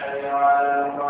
حي على الفلاح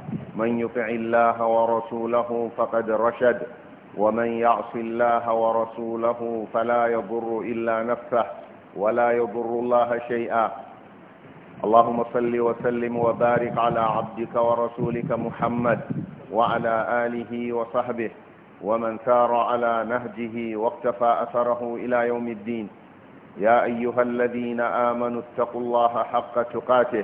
من يطع الله ورسوله فقد رشد ومن يعص الله ورسوله فلا يضر إلا نفسه ولا يضر الله شيئا اللهم صل وسلم وبارك على عبدك ورسولك محمد وعلى آله وصحبه ومن سار على نهجه واقتفى أثره إلى يوم الدين يا أيها الذين آمنوا اتقوا الله حق تقاته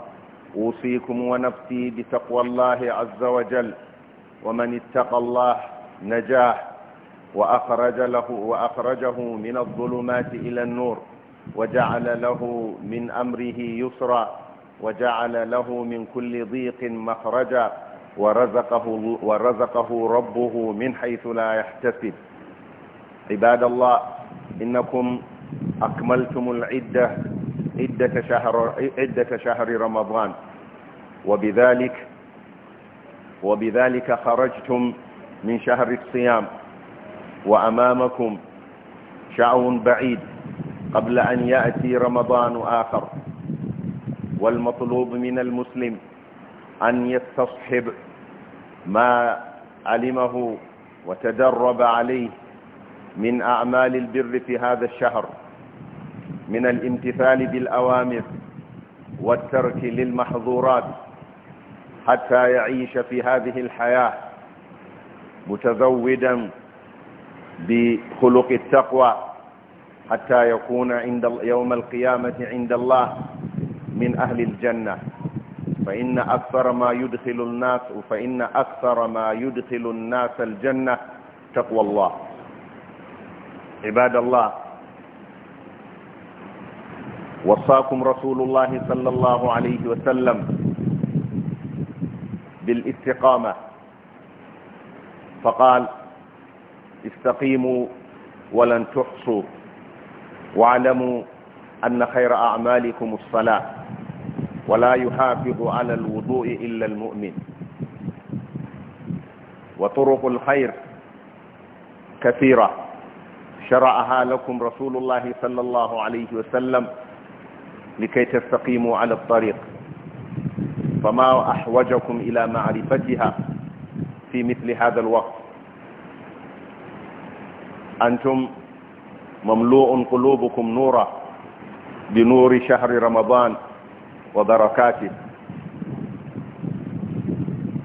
أوصيكم ونفسي بتقوى الله عز وجل ومن اتقى الله نجاه وأخرج له وأخرجه من الظلمات إلى النور وجعل له من أمره يسرا وجعل له من كل ضيق مخرجا ورزقه, ورزقه ربه من حيث لا يحتسب عباد الله إنكم أكملتم العدة عدة شهر, عدة شهر رمضان وبذلك وبذلك خرجتم من شهر الصيام وأمامكم شعو بعيد قبل أن يأتي رمضان آخر والمطلوب من المسلم أن يستصحب ما علمه وتدرب عليه من أعمال البر في هذا الشهر من الامتثال بالأوامر والترك للمحظورات حتى يعيش في هذه الحياة متزودا بخلق التقوى حتى يكون عند يوم القيامة عند الله من أهل الجنة فإن أكثر ما يدخل الناس فإن أكثر ما يدخل الناس الجنة تقوى الله عباد الله وصاكم رسول الله صلى الله عليه وسلم بالاستقامة فقال استقيموا ولن تحصوا واعلموا أن خير أعمالكم الصلاة ولا يحافظ على الوضوء إلا المؤمن وطرق الخير كثيرة شرعها لكم رسول الله صلى الله عليه وسلم لكي تستقيموا على الطريق فما أحوجكم إلى معرفتها في مثل هذا الوقت أنتم مملوء قلوبكم نورا بنور شهر رمضان وبركاته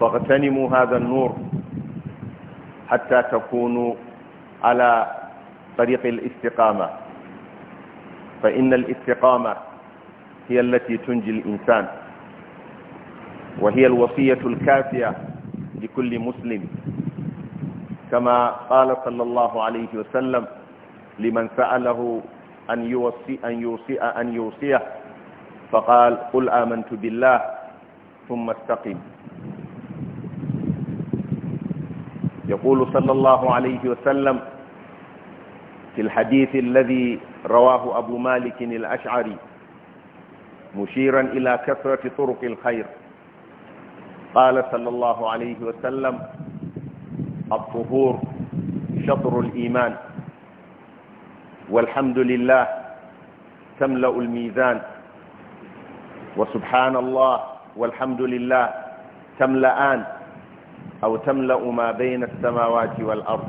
فاغتنموا هذا النور حتى تكونوا على طريق الاستقامة فإن الاستقامة هي التي تنجي الإنسان وهي الوصية الكافية لكل مسلم كما قال صلى الله عليه وسلم لمن سأله أن يوصي أن يوصي أن يوصيه فقال قل آمنت بالله ثم استقم يقول صلى الله عليه وسلم في الحديث الذي رواه أبو مالك الأشعري مشيرا إلى كثرة طرق الخير قال صلى الله عليه وسلم الطهور شطر الإيمان والحمد لله تملأ الميزان وسبحان الله والحمد لله تملأان أو تملأ ما بين السماوات والأرض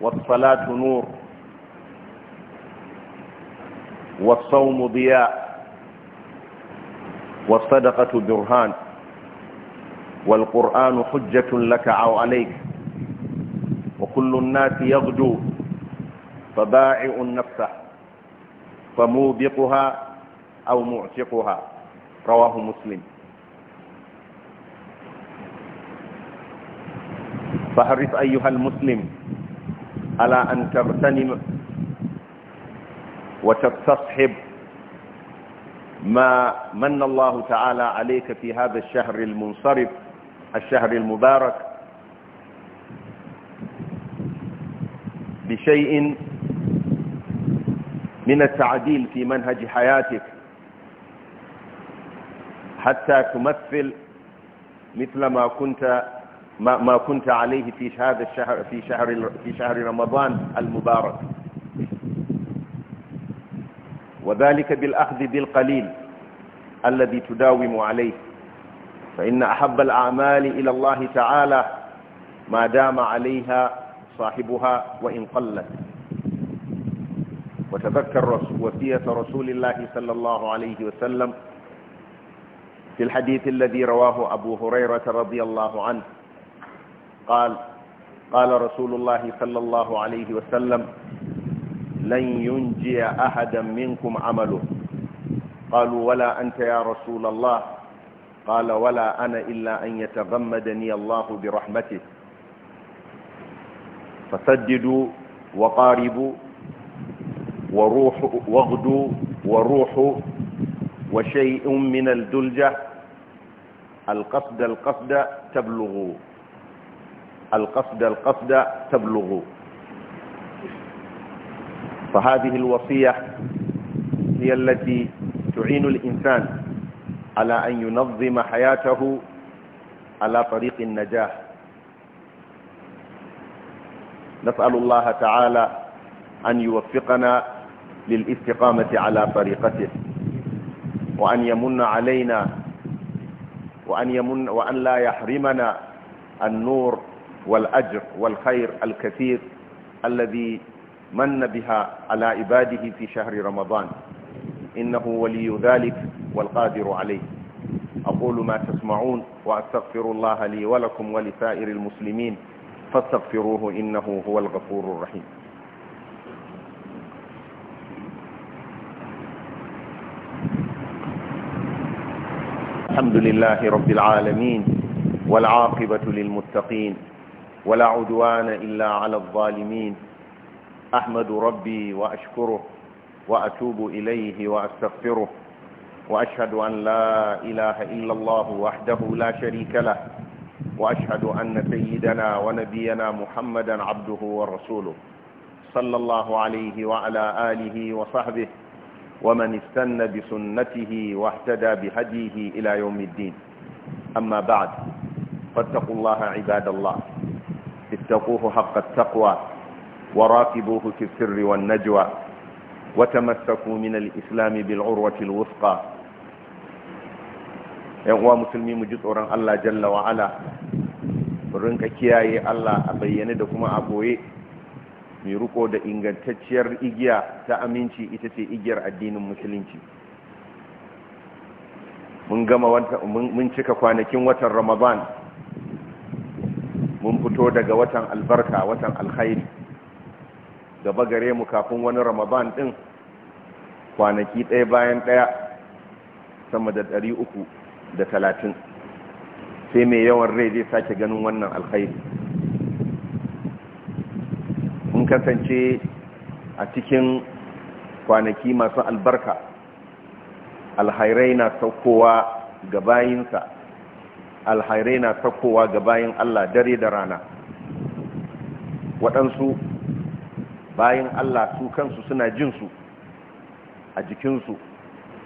والصلاة نور والصوم ضياء والصدقة برهان والقرآن حجة لك أو عليك وكل الناس يغدو فبائع نفسه فموبقها أو معتقها رواه مسلم فاحرص أيها المسلم على أن تغتنم وتستصحب ما من الله تعالى عليك في هذا الشهر المنصرف الشهر المبارك بشيء من التعديل في منهج حياتك حتى تمثل مثل ما كنت ما, ما كنت عليه في هذا الشهر في شهر في شهر رمضان المبارك وذلك بالأخذ بالقليل الذي تداوم عليه فإن أحب الأعمال إلى الله تعالى ما دام عليها صاحبها وإن قلت وتذكر وفية رسول الله صلى الله عليه وسلم في الحديث الذي رواه أبو هريرة رضي الله عنه قال قال رسول الله صلى الله عليه وسلم لن ينجي أحدا منكم عمله قالوا ولا أنت يا رسول الله قال ولا أنا إلا أن يتغمدني الله برحمته فسددوا وقاربوا وروحوا واغدوا وروحوا وشيء من الدلجة القصد القصد تبلغوا القصد القصد تبلغوا فهذه الوصية هي التي تعين الإنسان على أن ينظم حياته على طريق النجاح نسأل الله تعالى أن يوفقنا للاستقامة على طريقته وأن يمن علينا وأن, يمن وأن لا يحرمنا النور والأجر والخير الكثير الذي من بها على عباده في شهر رمضان إنه ولي ذلك والقادر عليه أقول ما تسمعون وأستغفر الله لي ولكم ولسائر المسلمين فاستغفروه إنه هو الغفور الرحيم الحمد لله رب العالمين والعاقبة للمتقين ولا عدوان إلا على الظالمين أحمد ربي وأشكره وأتوب إليه وأستغفره وأشهد أن لا إله إلا الله وحده لا شريك له وأشهد أن سيدنا ونبينا محمدا عبده ورسوله صلى الله عليه وعلى آله وصحبه ومن استنى بسنته واهتدى بهديه إلى يوم الدين أما بعد فاتقوا الله عباد الله اتقوه حق التقوى ورافضوه في السر والنجوى وتمسكوا من الإسلام بالعروة الوثقى يقوى مسلمين مجدورا الله جل وعلا rinka kiyaye Allah a bayyane da kuma a boye mai riko da ingantacciyar igiya ta aminci ita ce igiyar addinin musulunci mun gama mun cika kwanakin watan ramadan mun fito daga watan albarka watan alkhairi gaba gare mu kafin wani ramadan din kwanaki ɗaya bayan ɗaya sama da ɗari uku da talatin sai mai yawan rai zai sake ganin wannan alkhairi mun kasance a cikin kwanaki masu albarka alhairai na saukowa ga bayinsa alhairai na saukowa ga bayin allah dare da rana waɗansu bayan Allah su kansu suna jinsu a jikinsu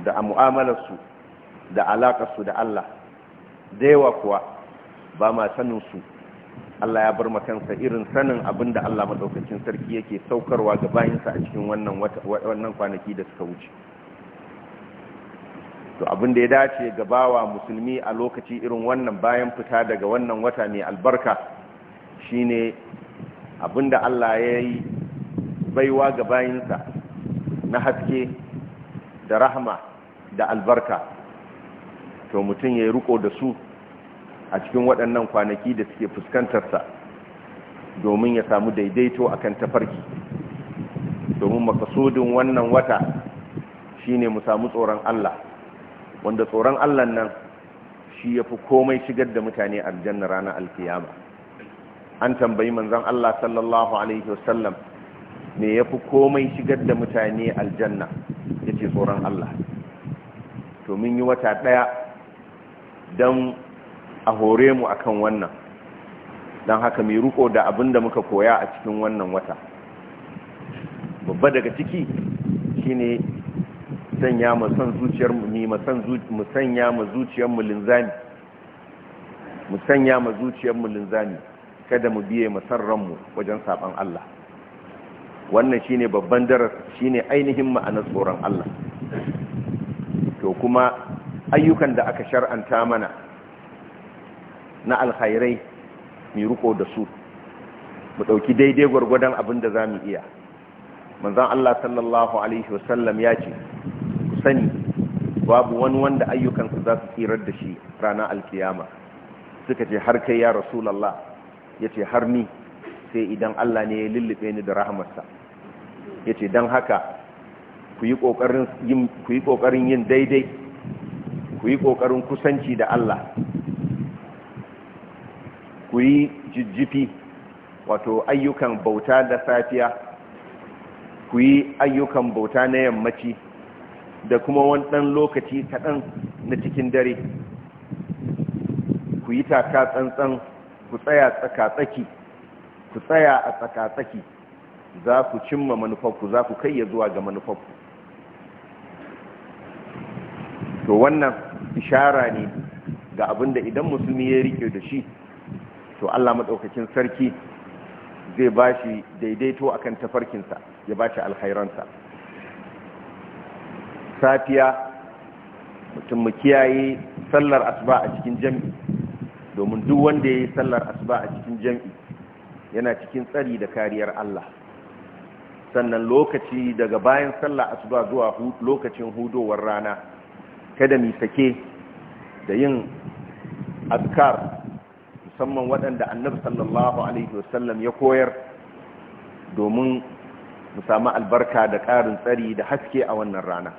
da a mu'amalarsu da alaƙarsu da Allah da yawa kuwa ba ma saninsu Allah ya bar makansa irin sanin abinda da Allah maɗaukacin sarki yake saukarwa ga bayansa a cikin wannan kwanaki da suka wuce to abin da ya dace ga bawa musulmi a lokaci irin wannan bayan fita daga wannan wata mai albarka shine abin da Allah ya yi baiwa ga bayinsa na haske da rahama da albarka to mutum ya yi riko da su a cikin waɗannan kwanaki da suke fuskantarsa domin ya samu daidaito a kan tafarki domin makasudin wannan wata shine mu samu tsoron Allah wanda tsoron Allah nan shi ya fi komai shigar da mutane aljanna ranar alkiyama an tambayi manzon Allah sallallahu alaihi wasallam me ya fi komai shigar da mutane aljanna ya ce tsoron Allah to mun yi wata ɗaya don a hore mu akan wannan don haka mai ruko da abin da muka koya a cikin wannan wata babba daga ciki shine sanya mu san zuciyar mu ne mu sanya mu zuciyar mu linzami mu sanya mu zuciyar mu linzami kada mu biye mu wajen saban Allah wannan shine babban darasi shine ainihin ma'anar tsoron Allah to kuma ayyukan da aka shar'anta mana na alkhairai mu riko da su mu dauki daidai gwargwadon abin da zamu iya manzon Allah sallallahu alaihi wasallam ya ce sani babu wani wanda ayyukansa za su tsirar da shi ranar alkiyama suka ce har kai ya rasulallah ya ce har ni sai idan Allah ne ya lullube ni da rahamarsa ya ce don haka ku yi kokarin yin daidai ku yi kokarin kusanci da Allah ku yi jijjifi wato ayyukan bauta da safiya ku yi ayyukan bauta na yammaci da kuma wani lokaci kaɗan na cikin dare ku yi taka tsantsan ku tsaya a tsaka tsaki. za ku cimma manufarku za ku kai ya zuwa ga manufarku to wannan ishara ne ga abinda idan musulmi ya rike da shi to Allah maɗaukakin sarki zai ba shi daidaito akan tafarkinsa ya ba shi alhairansa safiya mutum kiyaye sallar asuba a cikin jami'i domin duk wanda ya yi sallar asuba a cikin jam'i, yana cikin tsari da kariyar Allah sannan lokaci daga bayan sallah asuba zuwa lokacin hudowar rana kada mi sake da yin azkar musamman waɗanda annabi sallallahu alaihi wasallam ya koyar domin mu samu albarka da ƙarin tsari da haske a wannan rana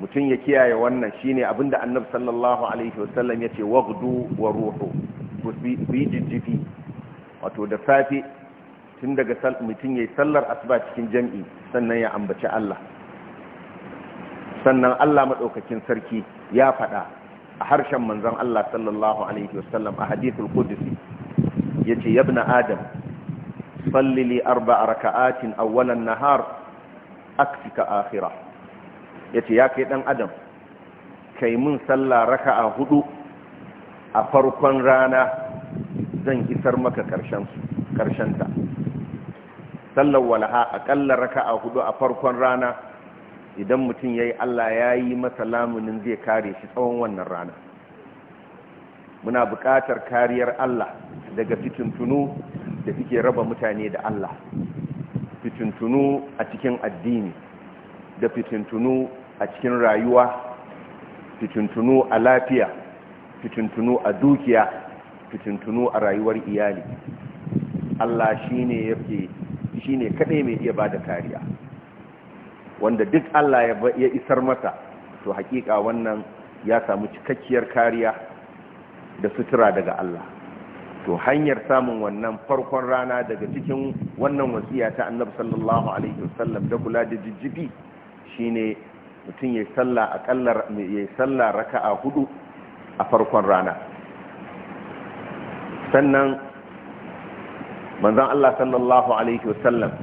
mutum ya kiyaye wannan shine abinda annabi sallallahu alaihi wasallam ya ce wa ruhu ku yi jijjifi wato da safe tun daga mutum ya yi sallar asuba cikin jam'i sannan ya ambaci Allah sannan Allah maɗaukakin sarki ya faɗa a harshen manzan Allah sallallahu Alaihi wasallam a hadithul Qudusi ya ce yabna Adam sallili arba a raka'atin awwalan nahar aksika akhira ya ce ya kai ɗan Adam kai mun salla raka'a hudu a farkon rana zan isar maka ƙarshenta sallar walaha aƙalla raka'a hudu a farkon rana idan mutum ya yi allah ya yi masa lamunin zai kare shi tsawon wannan rana muna buƙatar kariyar allah daga fitintunu da suke raba mutane da allah fitintunu a cikin addini da fitintunu a cikin rayuwa fitintunu a lafiya fitintunu a dukiya fitintunu a rayuwar iyali Allah shi ne yake shine kaɗai mai iya ba da kariya wanda duk Allah ya isar masa to hakika wannan ya samu cikakkiyar kariya da sutura daga Allah to hanyar samun wannan farkon rana daga cikin wannan wasiya ta Annabi sallallahu alaihi wasallam da kula da jijjibi shine mutum ya salla akallar ya salla raka'a hudu a farkon rana sannan manzon Allah sallallahu alaihi wasallam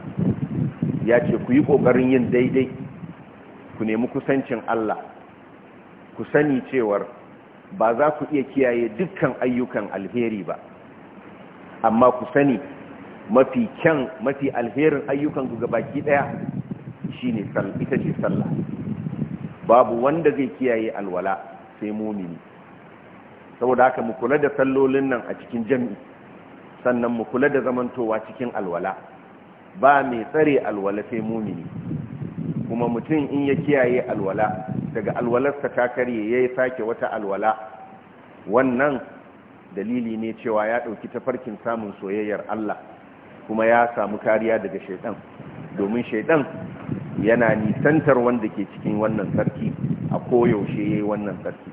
ya ce ku yi ƙoƙarin yin daidai ku nemi kusancin Allah ku sani cewar ba za ku iya kiyaye dukkan ayyukan alheri ba amma ku sani mafi kyan mafi alherin ayyukan ku gabaki daya shine ita ce sallah babu wanda zai kiyaye alwala sai mumini saboda haka mu kula da sallolin nan a cikin jami'i sannan mu kula da zamantowa cikin alwala ba mai tsare alwala sai mumini kuma mutum in ya kiyaye alwala daga alwalarsa ta karye ya yi sake wata alwala wannan dalili ne cewa ya ɗauki tafarkin samun soyayyar Allah kuma ya samu kariya daga shaidan domin shaidan yana nisantar wanda ke cikin wannan sarki a koyaushe ya yi wannan sarki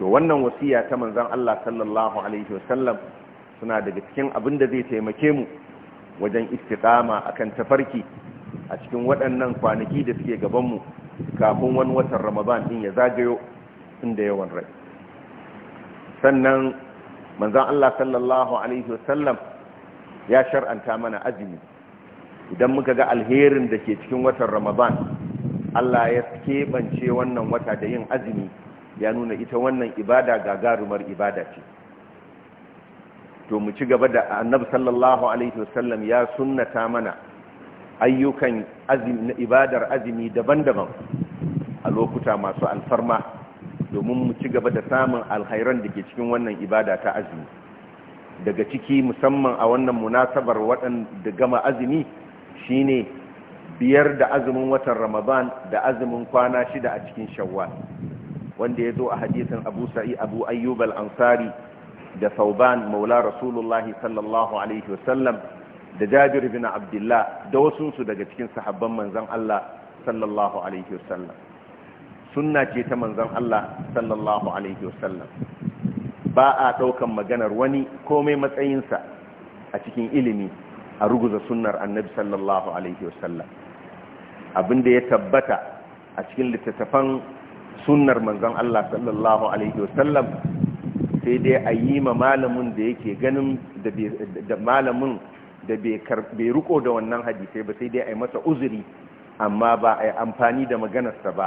to wannan wasiya ta manzon Allah sallallahu alaihi wasallam suna daga cikin abin da zai taimake mu wajen istiqama akan tafarki a cikin waɗannan kwanaki da suke gaban mu kafin wani watan ramadan din ya zagayo inda yawan rai sannan manzon Allah sallallahu alaihi wasallam ya shar'anta mana azumi idan muka ga alherin da ke cikin watan ramadan Allah ya keɓance wannan wata da yin azumi ya nuna ita wannan ibada gagarumar ibada ce to mu ci gaba da annabi sallallahu alaihi wasallam ya sunnata mana ayyukan na ibadar azumi daban-daban a lokuta masu alfarma domin mu ci gaba da samun alhairan da ke cikin wannan ibada ta azumi daga ciki musamman a wannan munasabar waɗanda gama azumi shine biyar da azumin watan ramadan da azumin kwana shida a cikin shawwal wanda ya zo a hadisin abu sa'i abu ayyub al-ansari da sauban maula rasulullah sallallahu alaihi wasallam da jabir Ibn abdullah da wasu su daga cikin sahabban manzon Allah sallallahu alaihi wasallam sunna ce ta manzon Allah sallallahu alaihi wasallam ba a daukan maganar wani komai matsayinsa a cikin ilimi a ruguza sunnar annabi sallallahu alaihi wasallam abinda ya tabbata a cikin littattafan sunnar manzon Allah sallallahu alaihi wasallam sai dai a yi ma malamin da yake ganin da malamin da bai riko da wannan hadisai ba sai dai a yi masa uzuri amma ba a yi amfani da maganarsa ba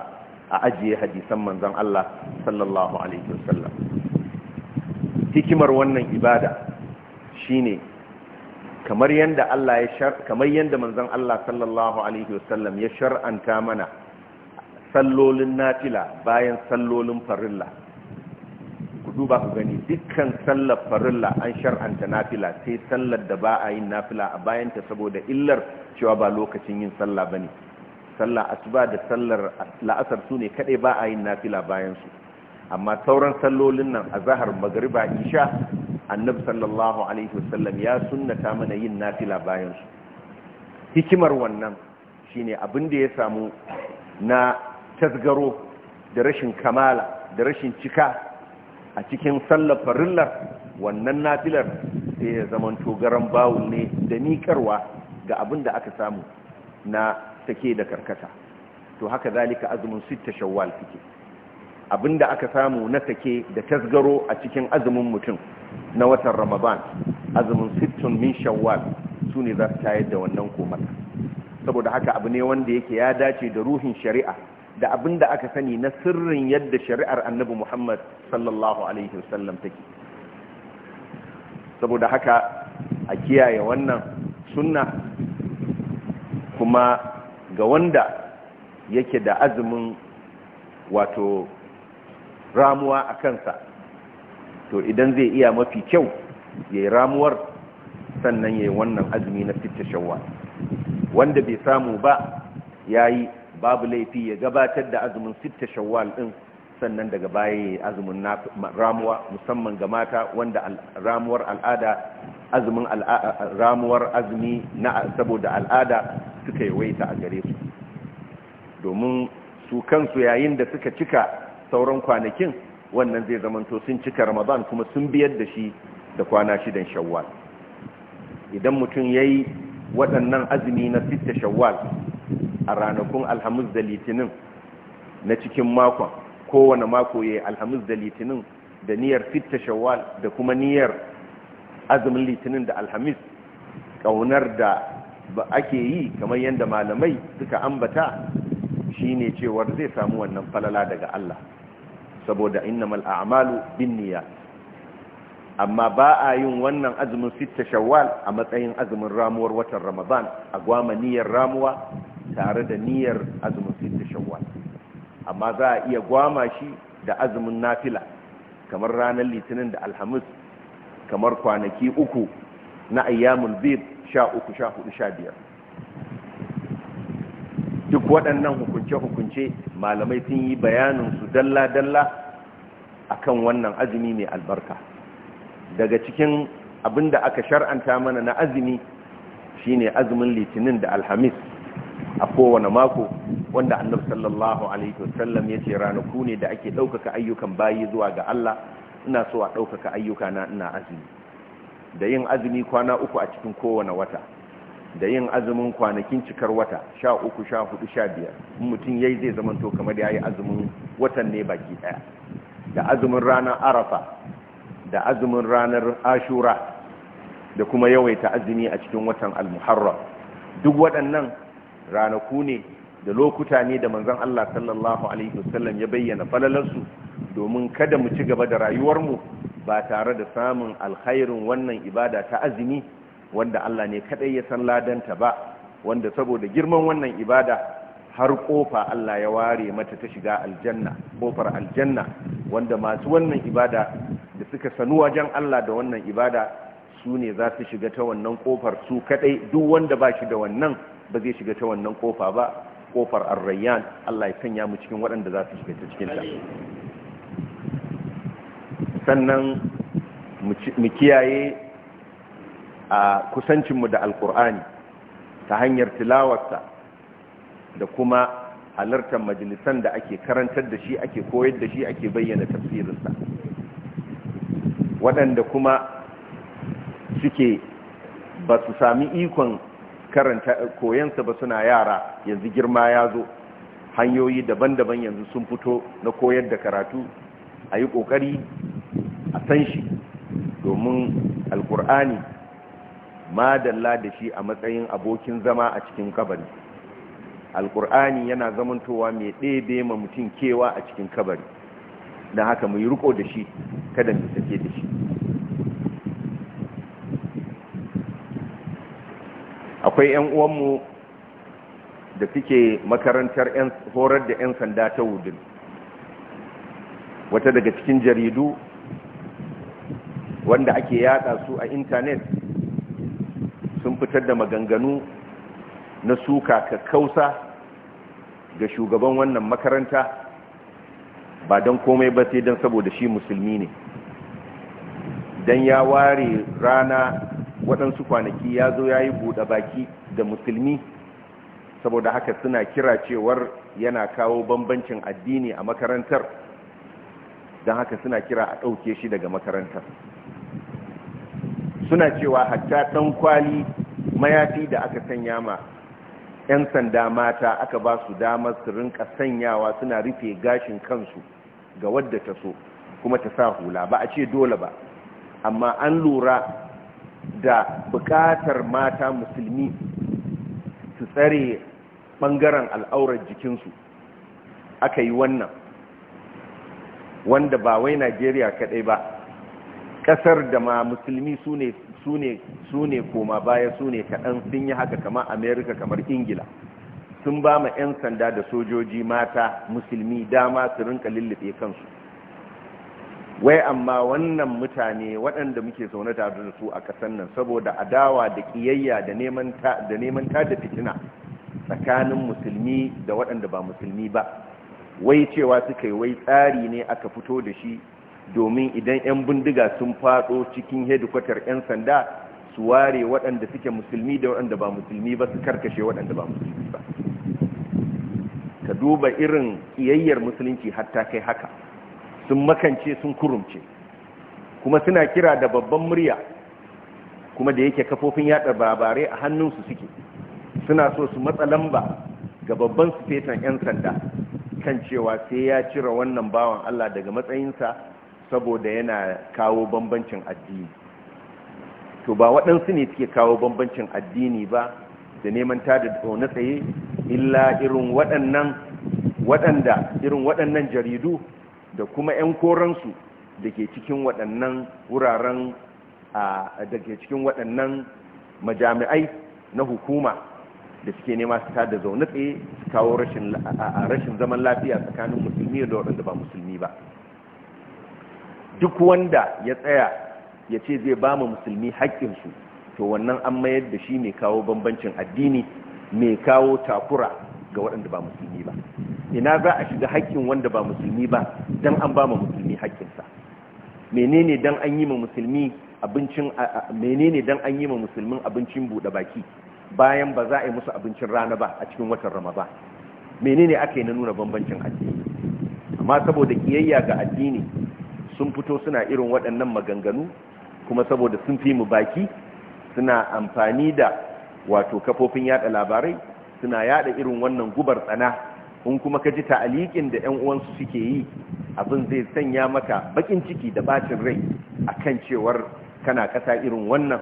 a ajiye hadisan manzon Allah sallallahu alaihi wasallam hikimar wannan ibada shine kamar yanda Allah ya shar kamar yanda manzon Allah sallallahu alaihi wasallam ya shar'anta mana sallolin nafila bayan sallolin farilla ku duba ku gani dukkan sallar farilla an shar'anta nafila sai sallar da ba a yin nafila a bayanta saboda illar cewa ba lokacin yin sallah bane sallar asuba da sallar la'asar su ne kadai ba a yin nafila bayan su amma sauran sallolin nan a zahar magriba isha annabi sallallahu alaihi wasallam ya sunnata mana yin nafila bayan su hikimar wannan shine abin da ya samu na tasgaro da rashin kamala da rashin cika a cikin sallar farillar wannan nafilar sai ya zamanto garan bawul ne da miƙarwa ga abin da aka samu na sake da karkata to haka zalika azumin sita shawwal fike abinda aka samu na take da tasgaro a cikin azumin mutum na watan ramadan azumin sittun min shawwal su ne za su tayar da wannan komata saboda haka abu ne wanda yake ya dace da ruhin shari'a da abin da aka sani na sirrin yadda shari'ar annabi Muhammad sallallahu alaihi wasallam take saboda haka a kiyaye wannan sunna kuma ga wanda yake da azumin wato ramuwa a kansa to idan zai iya mafi kyau ya yi ramuwar sannan ya yi wannan azumi na fitta shawwa wanda bai samu ba ya yi babu laifi ya gabatar da azumin sitta shawwal din sannan daga baya azumin ramuwa musamman ga mata wanda ramuwar al'ada azumin ramuwar azumi na saboda al'ada suka yawaita a gare su domin su kansu yayin da suka cika sauran kwanakin wannan zai zamanto sun cika ramadan kuma sun biyar da shi da kwana shidan shawwal idan mutum ya yi waɗannan azumi na sitta shawwal a ranakun alhamis da litinin na cikin makon kowane mako ya yi alhamis da litinin da niyyar fitta shawal da kuma niyyar azumin litinin da alhamis ƙaunar da ba ake yi kamar yadda malamai suka ambata shi ne cewar zai samu wannan falala daga Allah saboda innamal a'malu binniyat amma ba a yin wannan azumin fitta shawwal a matsayin azumin ramuwar watan ramadan a gwama niyyar ramuwa tare da niyyar azumin sittu shawwal amma za a iya gwama shi da azumin nafila kamar ranar litinin da alhamis kamar kwanaki uku na ayyamul bid sha uku sha hudu sha biyar duk waɗannan hukunce-hukunce malamai sun yi bayanin su dalla-dalla akan wannan azumi mai albarka daga cikin abinda aka shar'anta mana na azumi shine azumin litinin da alhamis a kowane mako wanda annabi sallallahu alaihi wasallam ya ce ranaku ne da ake ɗaukaka ayyukan bayi zuwa ga Allah ina so a ɗaukaka ayyuka na ina azumi da yin azumi kwana uku a cikin kowane wata da yin azumin kwanakin cikar wata sha uku sha hudu sha biyar mutum yayi zai zamanto kamar ya yi azumin watan ne baki ɗaya da azumin ranar arafa da azumin ranar ashura da kuma yawaita azumi a cikin watan al-muharram duk waɗannan ranaku ne da lokuta ne da manzon Allah sallallahu alaihi wasallam ya bayyana falalarsu domin kada mu ci gaba da rayuwarmu ba tare da samun alkhairin wannan ibada ta azumi wanda Allah ne kadai ya san ladanta ba wanda saboda girman wannan ibada har kofa Allah ya ware mata ta shiga aljanna kofar aljanna wanda masu wannan ibada da suka sanu wajen Allah da wannan ibada su ne za su shiga ta wannan kofar su kadai duk wanda ba shi da wannan ba zai shiga ta wannan kofa ba kofar arrayyan Allah ya sanya mu cikin waɗanda za su shiga ta cikin ta sannan mu kiyaye a kusancinmu da alkur'ani ta hanyar tilawarsa da kuma halartar majalisan da ake karantar da shi ake koyar da shi ake bayyana tafsirinsa waɗanda kuma suke ba su sami ikon karanta koyansa ba suna yara yanzu girma ya zo hanyoyi daban-daban yanzu sun fito na koyar da karatu a yi ƙoƙari a san shi domin alkur'ani madalla da shi a matsayin abokin zama a cikin kabari alkur'ani yana zamantowa mai ɗebe ma mutum kewa a cikin kabari don haka mu yi riko da shi kada mu sake da shi akwai 'yan uwanmu da suke makarantar horar da 'yan sanda ta wudin wata daga cikin jaridu wanda ake yada su a intanet sun fitar da maganganu na suka kausa ga shugaban wannan makaranta ba don komai ba sai don saboda shi musulmi ne don ya ware rana waɗansu kwanaki ya zo ya yi buɗe baki da musulmi saboda haka suna kira cewar yana kawo bambancin addini a makarantar don haka suna kira a ɗauke shi daga makarantar suna cewa hatta ɗan kwali mayafi da aka sanya ma 'yan sanda mata aka ba su damar su rinka sanyawa suna rufe gashin kansu ga wadda ta so kuma ta sa hula ba a ce dole ba amma an lura da bukatar mata musulmi su tsare bangaren al'aurar jikinsu aka yi wannan wanda ba wai najeriya kaɗai ba ƙasar da ma musulmi su ne koma baya su ne kaɗan sun yi haka kama amerika kamar ingila sun ba ma 'yan sanda da sojoji mata musulmi dama su rinka lullube kansu wai amma wannan mutane waɗanda muke zaune tare da su a ƙasar nan saboda adawa da ƙiyayya da neman ta da fitina tsakanin musulmi da waɗanda ba musulmi ba wai cewa suka yi wai tsari ne aka fito da shi domin idan 'yan bindiga sun faɗo cikin hedikwatar 'yan sanda su ware waɗanda suke musulmi da waɗanda ba musulmi ba su karkashe waɗanda ba musulmi ba ka duba irin ƙiyayyar musulunci hatta kai haka sun makance sun kurumce kuma suna kira da babban murya kuma da yake kafofin yada labarai a hannunsu suke suna so su matsa lamba ga babban sufetan 'yan sanda kan cewa sai ya cire wannan bawan Allah daga matsayinsa saboda yana kawo bambancin addini to ba waɗansu ne suke kawo bambancin addini ba da neman tada na tsaye illa irin waɗannan waɗanda irin waɗannan jaridu da kuma 'yan koransu da ke cikin waɗannan wuraren da ke cikin waɗannan majami'ai na hukuma da suke nema su da zaune tsaye su kawo rashin zaman lafiya tsakanin musulmi da waɗanda ba musulmi ba duk wanda ya tsaya ya ce zai ba mu musulmi haƙƙinsu to wannan an mayar da shi mai kawo bambancin addini mai kawo takura ga waɗanda ba musulmi ba ina za a shiga hakkin wanda ba musulmi ba dan an ba ma musulmi haƙƙinsa menene dan an yi ma musulmi abincin menene dan an yi ma musulmin abincin buɗe baki bayan ba za a yi musu abincin rana ba a cikin watan ramadan menene aka yi na nuna bambancin addini amma saboda kiyayya ga addini sun fito suna irin waɗannan maganganu kuma saboda sun fi mu baki suna amfani da wato kafofin yada labarai suna yada irin wannan gubar tsana in kuma ka ji ta'aliƙin da ‘yan uwansu suke yi abin zai sanya maka bakin ciki da bacin rai a kan cewar kana ƙasa irin wannan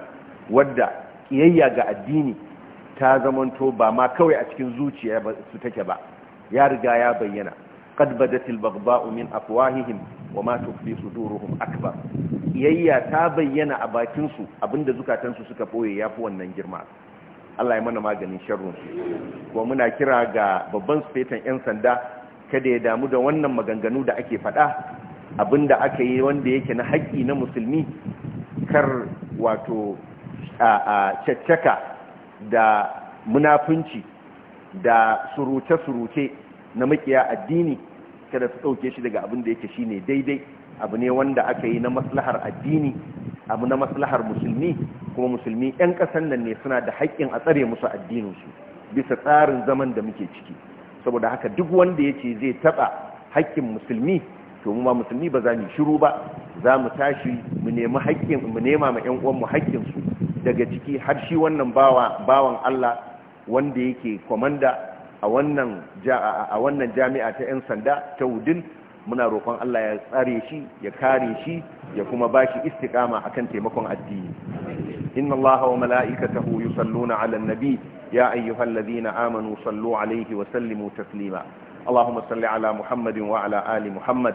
wadda ƙiyayya ga addini ta zamanto ba ma kawai a cikin zuciya su take ba ya riga ya bayyana qad badatil baghdha'u min afwahihim wa ma tukfi suduruhum akbar ƙiyayya ta bayyana a bakinsu su abinda zukatansu suka boye yafi wannan girma Allah ya mana maganin sharrun kuma muna kira ga babban sufetan 'yan sanda kada ya damu da wannan maganganu da ake faɗa abinda aka yi wanda yake na haƙƙi na musulmi kar wato a caccaka da munafunci da surute-surute na makiya addini kada su ɗauke shi daga abin da yake shine daidai abu ne wanda aka yi na maslahar addini abu na maslahar musulmi kuma musulmi 'yan ƙasan nan ne suna da haƙƙin a tsare musu addininsu bisa tsarin zaman da muke ciki saboda haka duk wanda ya ce zai taɓa haƙƙin musulmi to mu ma musulmi ba za mu shiru ba za mu tashi mu nemi haƙƙin mu nema ma ƴan uwanmu haƙƙinsu daga ciki har shi wannan bawa bawan Allah wanda yake komanda a wannan a wannan jami'a ta 'yan sanda ta Wudin muna roƙon Allah ya tsare shi ya kare shi ya kuma bashi istiqama akan taimakon addini إن الله وملائكته يصلون على النبي يا أيها الذين آمنوا صلوا عليه وسلموا تسليما اللهم صل على محمد وعلى آل محمد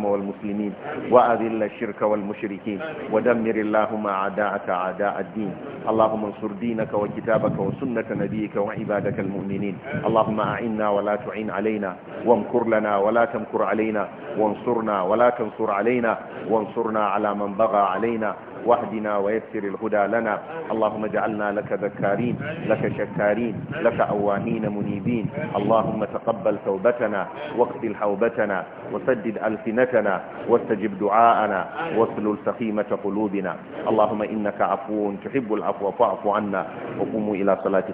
الإسلام والمسلمين وأذل الشرك والمشركين ودمر اللهم أعداءك أعداء الدين اللهم انصر دينك وكتابك وسنة نبيك وعبادك المؤمنين اللهم أعنا ولا تعين علينا وامكر لنا ولا تمكر علينا وانصرنا ولا تنصر علينا وانصرنا على من بغى علينا واهدنا ويسر الهدى لنا اللهم اجعلنا لك ذكارين لك شكارين لك أواهين منيبين اللهم تقبل توبتنا واغسل حوبتنا وسدد ألسنتنا واستجب دعاءنا واسلل سخيمة قلوبنا اللهم إنك عفو تحب العفو فاعف عنا وقوموا إلى صلاتكم